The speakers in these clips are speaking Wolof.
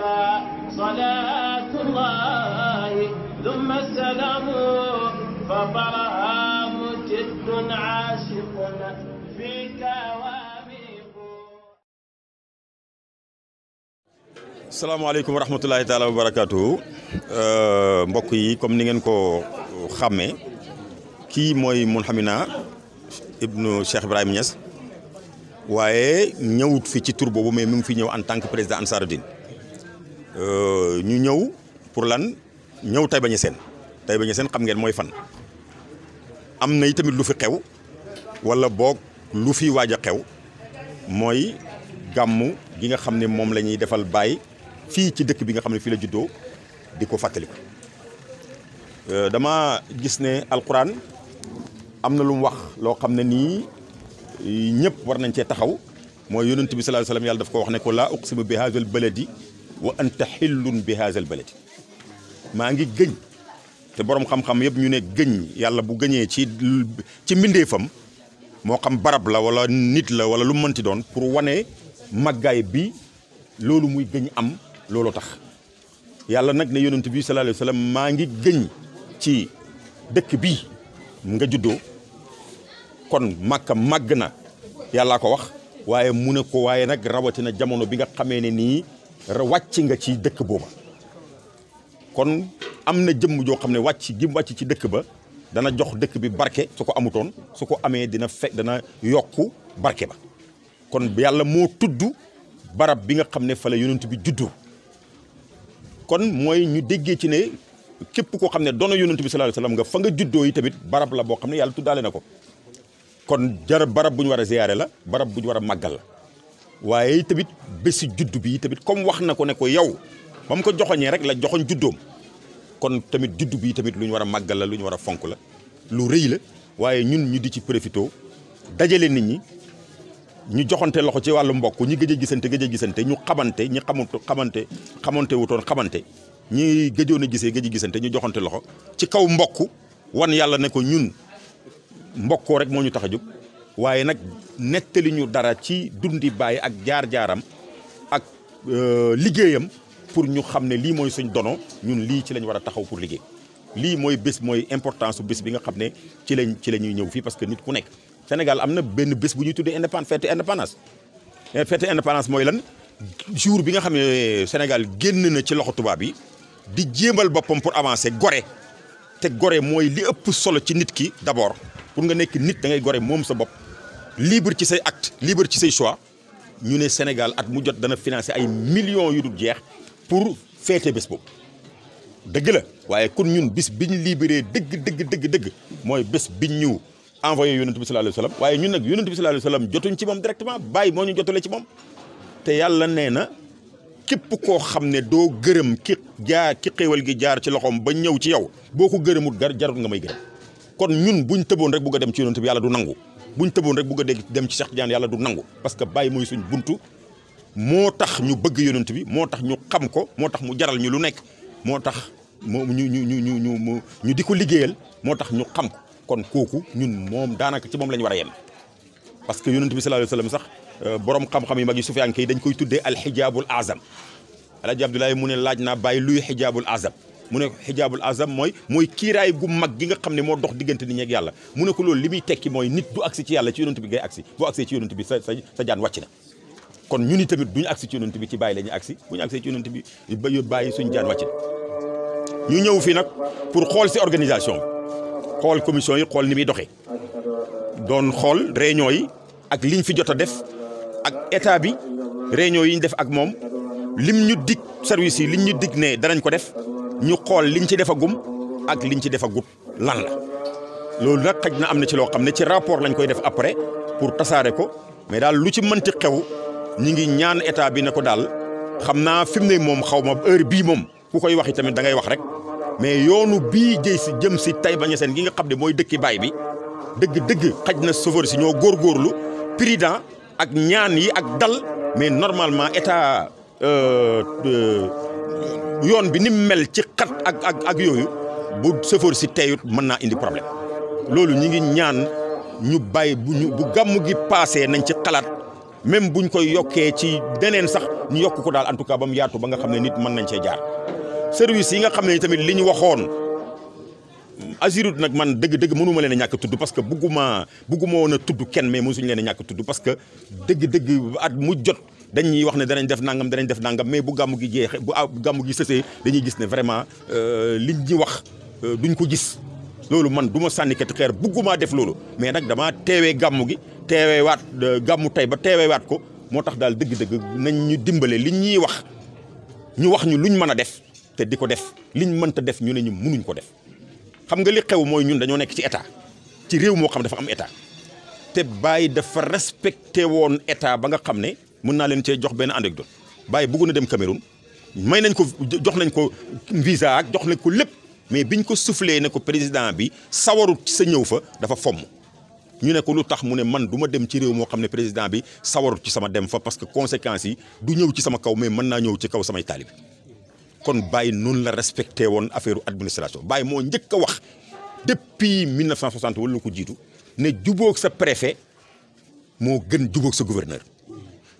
عليك صلاة الله ثم السلام mbokk yi comme ni ngeen ko xàmmee kii mooy Mouhamina ibnu Cheikh Ibrahim Niass waaye ñëwut fi ci tur boobu mais mi ngi fi ñëw en tant que président ansaarud Euh, ñu ñëw pour lan ñëw Taïba Niassène Taïba seen xam ngeen mooy fan am na tamit lu fi xew wala boog lu fi waaj a xew mooy gàmmu gi nga xam ne moom la ñuy defal baay fii ci dëkk bi nga xam ne fii la juddoo di ko fàttaliku euh, dama gis ne alxuraan am na lu mu wax loo xam ne nii ñépp war nañ cee taxaw mooy yonent bi sallallahu alayhi wasallam yàlla daf ko wax ne ko laa uqsimu bi haazal baladi wa anta xillun bi haazal baladi maa ngi gëñ te borom xam-xam yëpp ñu ne gëñ yàlla bu gëñee ci ci mbindeefam moo xam barab la wala nit la wala lu mu mënti doon pour wane màggaay bi loolu muy gëñ am looloo tax yàlla nag ne yonent bi sallallahu alayhi wa maa ngi gëñ ci dëkk bi nga juddoo kon màkka màgg na yàllaa ko wax waaye mu ne ko waaye nag rawatina jamono bi nga xamee ne nii wàcc nga ci dëkk booba kon am na jëmm joo xam ne wàcc gi mu wàcc ci dëkk ba dana jox dëkk bi barke su ko amutoon su ko amee dina fekk dana yokku barke ba kon yàlla moo tudd barab bi nga xam ne fa la yonent bi juddoo kon mooy ñu déggee ci ne képp koo xam ne doona yonent bi sallallahu alayhi wasallam nga fa nga juddoo yi tamit barab la boo xam ne yàlla tuddaale na ko kon jar barab bu ñu war a ziyaare la barab bu ñu war a màggal la waaye tamit bési juddu bi tamit comme wax na ko ne ko yow ba mu ko joxoñee rek la joxoñ juddoom kon tamit juddu bi tamit lu ñu war a màggal lu ñu war a fonk la lu rëy la waaye ñun ñu di ci profito dajale nit ñi ñu joxonte loxo ci wàllu mbokk ñi gëj a gisante gëj a gisante ñu xamante ñi xamantu xamante xamante wutoon xamante ñi gëjoon a gisee gëj a gisante ñu joxante loxo ci kaw mbokk wan yàlla ne ko ñun mbokkoo rek moo ñu tax a jóg waaye nag nettali ñu dara ci dundi bàyyi ak jaar-jaaram ak euh, liggéeyam pour ñu xam ne lii mooy suñ dono ñun lii ci lañ war a taxaw pour liggéey lii mooy bés mooy importance su bés bi nga xam ne ci lañ ci la ñuy ñëw fii parce que nit ku nekk Sénégal am na benn bés bu ñuy tuddee indépendance fête indépendance eh, fête mooy lan jour bi nga xamee ne Sénégal génn na ci loxo tubaab yi di jéemal boppam pour avancer gore te gore mooy li ëpp solo ci nit ki d'abord pour nga nekk nit da ngay gore moom sa bopp libre ci say acte libre ci say choix ñu ne Sénégal at mu jot dana financer ay millions yu dul jeex pour feete bés boobu dëgg la waaye kon ñun bis biñ libéré dëgg dëgg dëgg dëgg mooy bés biñ ñu envoyé yonent bi sallallahu alayhi wa sallam waaye ñun nag yonent bi sallallahu alayhi wa jotuñ ci moom directement bàyyi moo ñu jotale ci moom te yàlla nee na képp koo xam ne doo gërëm ki jaar ki xéewal gi jaar ci loxoom ba ñëw ci yow boo ko gërëmut gar jarut nga may gërëm kon ñun buñ tëboon rek bugg dem ci yonent bi yàlla du nangu bu buñ tëboon rek bugg a dégg dem ci Cheikh Tidiane yàlla du nangu parce que bàyyi mooy suñ buntu moo tax ñu bëgg yonent bi moo tax ñu xam ko moo tax mu jaral ñu lu nekk moo tax moo ñu ñu ñu ñu ñu ñu di ko liggéeyal moo tax ñu xam ko kon kooku ñun moom daanaka ci moom la ñu war a yem parce que yonent bi sallallahu alayhi wasallam sax euh, borom xam-xam yi mag yi sufiyanke dañ koy tuddee alxijaabul azam alaaji Abdoulaye mu ne laaj naa bàyyi luy xijaabul azam mu ne ko xijaabul azam mooy mooy kiiraay gu mag gi nga xam ne moo dox diggante nit ñi yàlla mu ne ko loolu li muy tekki mooy nit du agsi ci yàlla ci yonent bi ngay agsi boo agsee ci yonent bi sa sa jaan wàcc na kon ñu ni tamit duñu agsi ci yonent bi ci bàyyi la ñu agsi bu ñu agsee ci yonent bi ba bàyyi suñu jaan wàcc na ñu ñëw fii nag pour xool si organisation bi xool commission yi xool ni muy doxee doon xool réunion yi ak liñ fi jot a def ak état bi réunion yi ñu def ak moom lim ñu dig service yi lim ñu dig ne danañ ko def ñu xool liñ ci defagum ak liñ ci defagut lan la loolu nag xaj na am na ci loo xam ne ci rapport lañ koy def après pour tasaare ko mais daal lu ci mënti xew ñi ngi ñaan état bi ne ko daal xam naa fi mu ne moom xaw ma heure bii moom ku koy waxi tamit da ngay wax rek mais yoonu bii jëy si jëm si Taïba Niassène gi nga xam ne mooy dëkki baay bi dëgg dëgg xaj na chauffeur si ñoo góorlu prudent ak ñaan yi ak dal mais normalement état. Euh, euh, yoon bi ni mu mel ci xat ak ak ak yooyu bu sëfoor si teyut mën naa indi problème loolu ñi ngi ñaan ñu bàyyi bu ñu bu gàmm gi paasee nañ ci xalaat bu ñu koy yokkee ci deneen sax ñu yokk ko daal en tout cas ba yaatu ba nga xam ne nit mën nañ cee jaar service yi nga xam ne tamit li ñu waxoon Azurut nag man dëgg dëgg mënuma leen a ñàkk tudd parce que bugguma bugguma woon a tudd kenn mais mosuñ leen a ñàkk tudd parce que dëgg dëgg at mu jot dañ ñuy wax ne danañ def nangam danañ def nangam mais bu gàmmu gi jeexee bu gàmmu gi sësee dañuy gis ne vraiment euh, liñ ñi wax euh, duñ ko gis loolu man duma ma sànni kati xeer buggumaa def loolu mais nag dama teewee gàmmu gi teewee waat euh, gàmmu tey ba teewee waat ko moo tax daal dëgg-dëgg nañ ñu dimbale liñ ñuy wax ñu wax ñu lu ñu mën a def te di ko def li liñ mënta def ñu ne ñu mënuñ ko def xam nga li xew mooy ñun dañoo nekk ci état ci réew moo xam dafa am état te bàyyi dafa respecté woon état ba nga xam ne mun naa leen cee jox benn anecdote Baye bëgg na dem Cameroun may nañ ko jox nañ ko visa ak jox nañ ko lépp mais biñ ko soufflé ne ko président bi sawarut sa ñëw fa dafa fomm ñu ne ko lu tax mu ne man du dem ci réew moo xam ne président bi sawarut ci sama dem fa parce que conséquences yi du ñëw ci sama kaw mais mën naa ñëw ci kaw samay taalib kon Baye noonu la respecté woon affaire administration Baye moo njëkk a wax depuis 1960 wala lu ko jiitu ne jubóog sa préfet moo gën juboo sa gouverneur.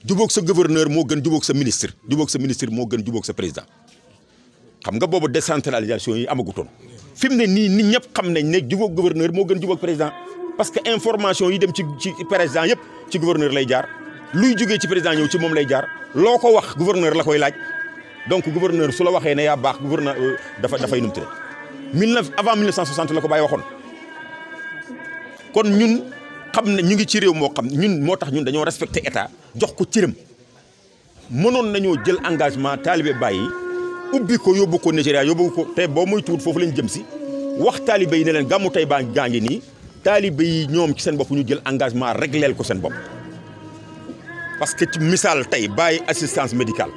jubóog sa gouverneur moo gën jubóog sa ministre jubóog sa ministre moo gën jubóog sa président xam nga boobu décentralisation yi amagutoon fi mu ne nii nit ñëpp xam nañ ne jubóog gouverneur moo gën jubóog président parce que information yi dem ci ci président yëpp ci gouverneur lay jaar luy jógee ci président ñëw ci moom lay jaar loo ko wax gouverneur la koy laaj donc gouverneur su la waxee ne yaa baax gouverneur euh, dafa dafay numtale mille neuf avant 1960 la ko bàyyi waxoon kon xam ne ñu ngi ci réew moo xam ñun moo tax ñun dañoo respecté état jox ko cëram mënoon nañoo jël engagement taalibe bàyyi ubbi ko yóbbu ko Nigéria yóbbu ko tey boo muy tuut foofu lañ jëm si wax taalibe yi ne leen gàmmu tey baa gaa ngi nii taalibe yi ñoom ci seen bopp ñu jël engagement régleel ko seen bopp parce que ci misaal tey bàyyi assistance médicale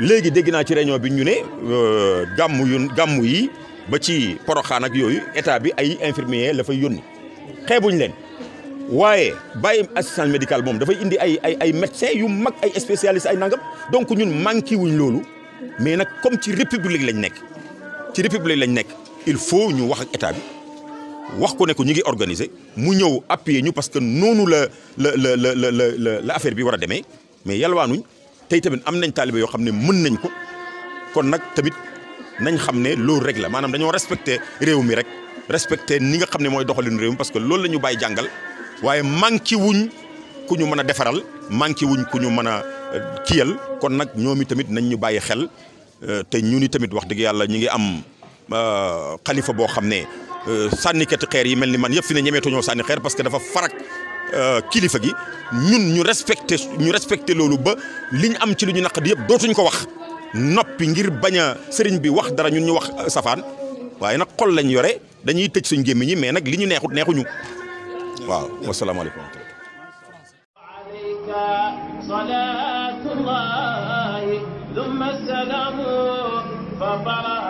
léegi dégg naa ci réunion bi ñu ne euh, gàmmu yu gàmmu yi ba ci poroxaan ak yooyu état bi ay infirmier la fay yónni xeebuñ leen waaye bàyyi assistance médicale moom dafa indi ay ay ay médecins yu mag ay spécialistes ay nangam donc ñun manqué wuñ loolu mais nag comme ci république lañ nekk ci république lañ nekk il faut ñu wax ak état bi wax ko ne ko ñu ngi organiser mu ñëw appuyer ñu parce que noonu la la la la la la affaire bi war a demee mais yalwaanuñ tey tamit am nañ taalibe yoo xam ne mën nañ ko kon nag tamit nañ xam ne loolu rek la maanaam dañoo respecté réew mi rek respecté ni nga xam ne mooy doxalin réew parce que loolu la ñu bàyyi jàngal. waaye manqué wuñ ku ñu mën a defaral manqué wuñ ku ñu mën a euh, kiyal kon nag ñoom i tamit nañ ñu bàyyi xel euh, te ñu ni tamit wax dëgg yàlla ñu ngi am euh, xalifa boo xam ne sànnikati xeer yi mel ni man yëpp fi ne ñoo sànni xeer parce que dafa farak kilifa gi ñun ñu respecté ñu respecté loolu ba li ñu am ci lu ñu naqadi yëpp dootuñ ko wax noppi ngir bañ a sëriñ bi wax dara ñun ñu wax safaan waaye nag xol lañ yore dañuy tëj suñ gémmiñ ñi mais nag li ñu neexut neexuñu waaw wasalaamaaleykum wa rahmatulah صلاة الله ثم السلام فطرها